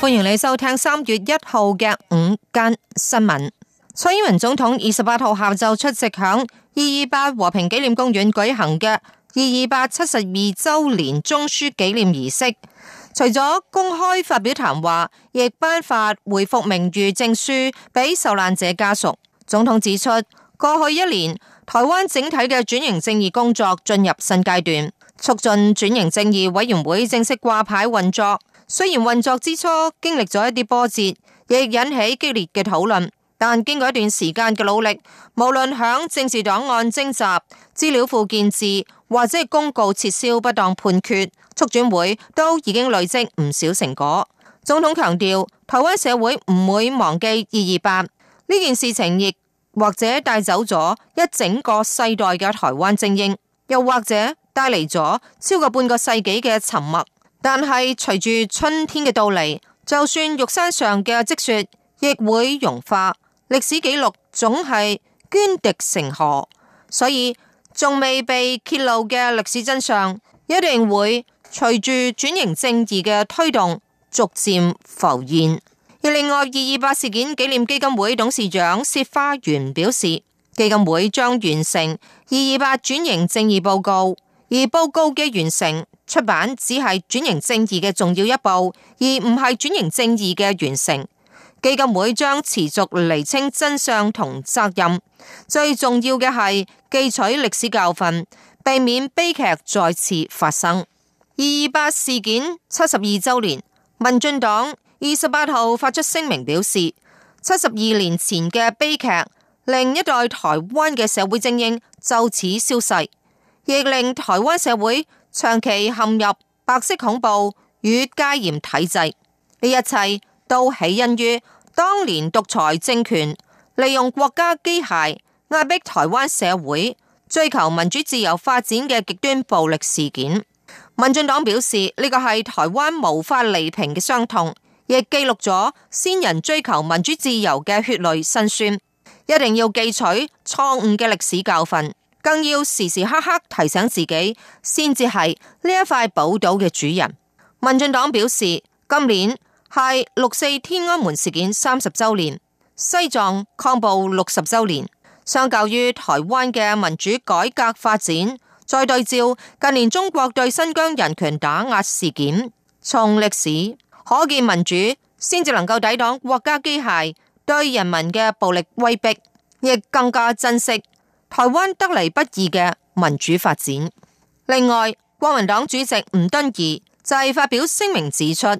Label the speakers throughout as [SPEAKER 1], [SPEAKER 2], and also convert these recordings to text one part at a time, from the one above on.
[SPEAKER 1] 歡迎你收聽三月一號嘅午間新聞。蔡英文總統二十八號下晝出席響二二八和平紀念公園舉行嘅二二八七十二周年中樞紀念儀式，除咗公開發表談話，亦頒發恢復名譽證書俾受難者家屬。總統指出，過去一年台灣整體嘅轉型正義工作進入新階段，促進轉型正義委員會正式掛牌運作。雖然運作之初經歷咗一啲波折，亦引起激烈嘅討論，但經過一段時間嘅努力，無論響政治檔案徵集、資料庫建置或者公告撤銷不當判決，促轉會都已經累積唔少成果。總統強調，台灣社會唔會忘記二二八呢件事情，亦或者帶走咗一整個世代嘅台灣精英，又或者帶嚟咗超過半個世紀嘅沉默。但係隨住春天嘅到嚟，就算玉山上嘅積雪亦會融化。歷史記錄總係涓滴成河，所以仲未被揭露嘅歷史真相，一定會隨住轉型正義嘅推動，逐漸浮現。而另外，二二八事件紀念基金會董事長薛化元表示，基金會將完成二二八轉型正義報告，而報告嘅完成。出版只係轉型正義嘅重要一步，而唔係轉型正義嘅完成。基金會將持續釐清真相同責任，最重要嘅係記取歷史教訓，避免悲劇再次發生。二二八事件七十二周年，民進黨二十八號發出聲明表示，七十二年前嘅悲劇令一代台灣嘅社會精英就此消逝，亦令台灣社會，長期陷入白色恐怖與戒嚴體制，呢一切都起因於當年獨裁政權利用國家機械壓迫台灣社會，追求民主自由發展嘅極端暴力事件。民進黨表示呢個係台灣無法彌平嘅傷痛，亦記錄咗先人追求民主自由嘅血淚辛酸，一定要記取錯誤嘅歷史教訓。更要時時刻刻提醒自己，先至係呢一塊寶島嘅主人。民進黨表示，今年係六四天安門事件三十周年，西藏抗暴六十周年。相較於台灣嘅民主改革發展，再對照近年中國對新疆人權打壓事件，從歷史可見民主先至能夠抵擋國家機械對人民嘅暴力威逼，亦更加珍惜。台灣得嚟不易嘅民主發展。另外，國民黨主席吳敦義就係發表聲明指出，二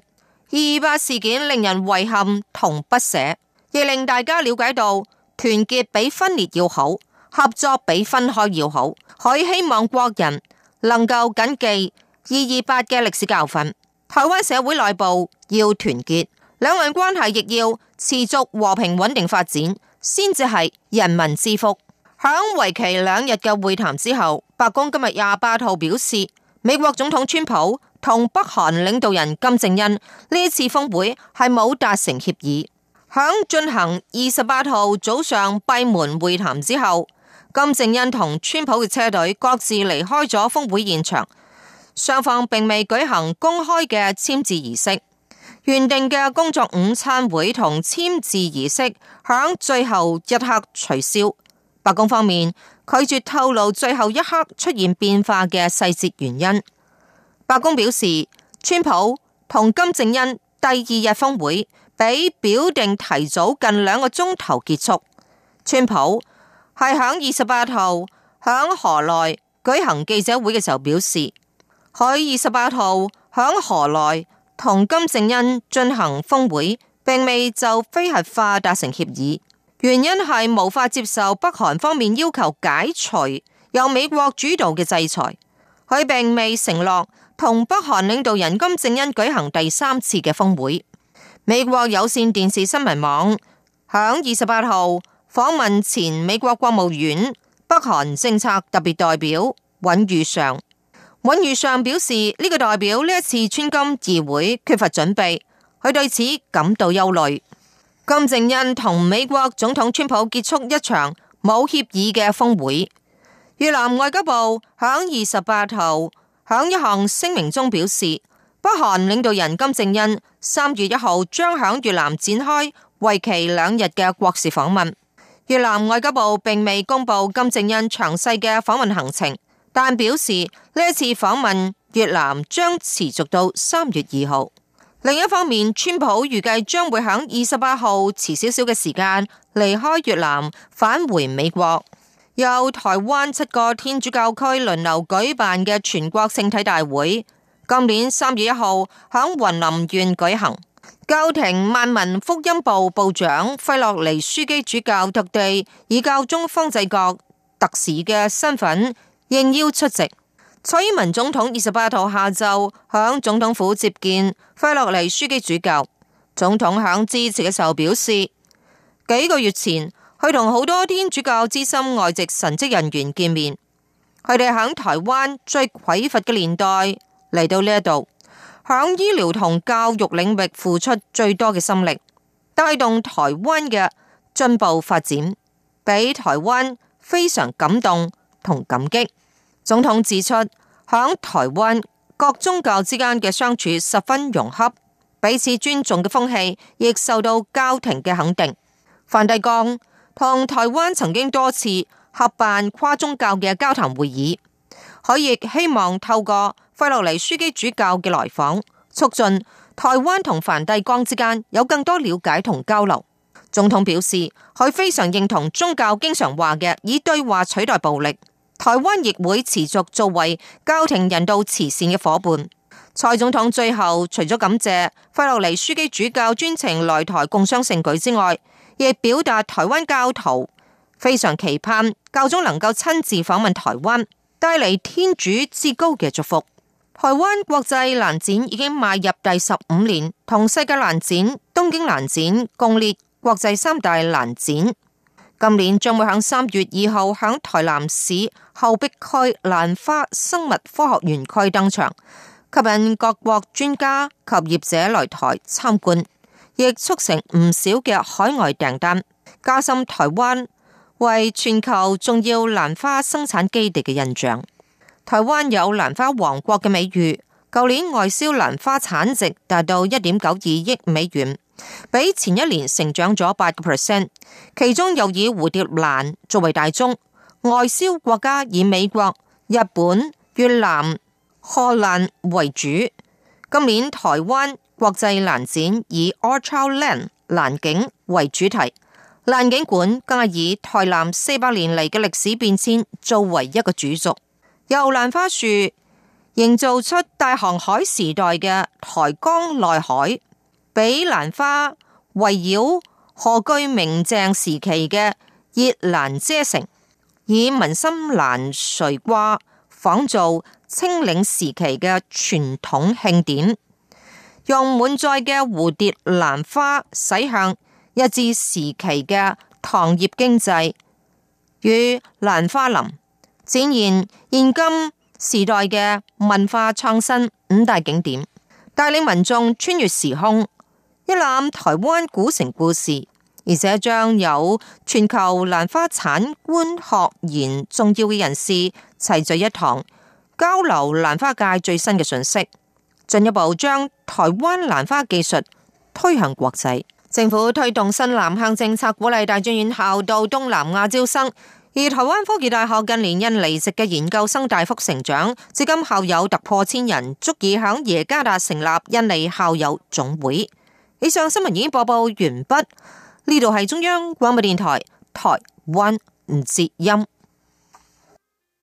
[SPEAKER 1] 二八事件令人遺憾同不捨，亦令大家了解到團結比分裂要好，合作比分開要好。佢希望國人能夠謹記二二八嘅歷史教訓。台灣社會內部要團結，兩岸關係亦要持續和平穩定發展，先至係人民之福。響為期兩日嘅會談之後，白宮今日廿八號表示，美國總統川普同北韓領導人金正恩呢次峰會係冇達成協議。響進行二十八號早上閉門會談之後，金正恩同川普嘅車隊各自離開咗峰會現場，雙方並未舉行公開嘅簽字儀式。原定嘅工作午餐會同簽字儀式響最後一刻取消。白宮方面拒絕透露最後一刻出現變化嘅細節原因。白宮表示，川普同金正恩第二日峰會比表定提早近兩個鐘頭結束。川普係響二十八號響河內舉行記者會嘅時候表示，佢二十八號響河內同金正恩進行峰會，並未就非核化達成協議。原因係無法接受北韓方面要求解除由美國主導嘅制裁，佢並未承諾同北韓領導人金正恩舉行第三次嘅峰會。美國有線電視新聞網響二十八號訪問前美國國務院北韓政策特別代表尹宇尚，尹宇尚表示呢、這個代表呢一次川金二會缺乏準備，佢對此感到憂慮。金正恩同美國總統川普結束一場冇協議嘅峰會。越南外交部響二十八號響一項聲明中表示，北韓領導人金正恩三月一號將響越南展開為期兩日嘅國事訪問。越南外交部並未公布金正恩詳細嘅訪問行程，但表示呢一次訪問越南將持續到三月二號。另一方面，川普預計將會喺二十八號遲少少嘅時間離開越南，返回美國。由台灣七個天主教區輪流舉辦嘅全國聖體大會，今年三月一號響雲林縣舉行。教廷萬民福音部部長費洛尼樞機主教特地以教宗方濟各特使嘅身份應邀出席。蔡英文總統二十八號下晝響總統府接見費洛尼樞機主教。總統響致辭嘅時候表示，幾個月前佢同好多天主教資深外籍神職人員見面，佢哋響台灣最匱乏嘅年代嚟到呢一度，響醫療同教育領域付出最多嘅心力，帶動台灣嘅進步發展，俾台灣非常感動同感激。總統指出，響台灣各宗教之間嘅相處十分融洽，彼此尊重嘅風氣亦受到教廷嘅肯定。梵蒂岡同台灣曾經多次合辦跨宗教嘅交談會議，佢亦希望透過費洛尼樞機主教嘅來訪，促進台灣同梵蒂岡之間有更多了解同交流。總統表示，佢非常認同宗教經常話嘅以對話取代暴力。台灣亦會持續作為教廷人道慈善嘅伙伴。蔡總統最後除咗感謝費洛尼書記主教專程來台共商盛舉之外，亦表達台灣教徒非常期盼教宗能夠親自訪問台灣，帶嚟天主至高嘅祝福。台灣國際蘭展已經邁入第十五年，同世界蘭展、東京蘭展共列國際三大蘭展。今年將會喺三月二號喺台南市後壁區蘭花生物科學園區登場，吸引各國專家及業者來台參觀，亦促成唔少嘅海外訂單，加深台灣為全球重要蘭花生產基地嘅印象。台灣有蘭花王國嘅美譽，舊年外銷蘭花產值達到一點九二億美元，比前一年成長咗八個 percent，其中又以蝴蝶蘭作為大宗。外銷國家以美國、日本、越南、荷蘭為主。今年台灣國際蘭展以 Orchid Land 蘭景為主題，蘭景館更係以台南四百年嚟嘅歷史變遷作為一個主軸，由蘭花樹營造出大航海時代嘅台江內海，俾蘭花圍繞荷據明鄭時期嘅熱蘭遮城。以民心蘭垂掛仿造清領時期嘅傳統慶典，用滿載嘅蝴蝶蘭花駛向日治時期嘅糖業經濟與蘭花林，展現現今時代嘅文化創新五大景點，帶領民眾穿越時空，一覽台灣古城故事。而且將有全球蘭花產官學研重要嘅人士齊聚一堂，交流蘭花界最新嘅信息，進一步將台灣蘭花技術推向國際。政府推動新南向政策，鼓勵大專院校到東南亞招生。而台灣科技大學近年印尼籍嘅研究生大幅成長，至今校友突破千人，足以喺耶加達成立印尼校友總會。以上新聞已經播報完畢。呢度係中央廣播電台，台灣之音。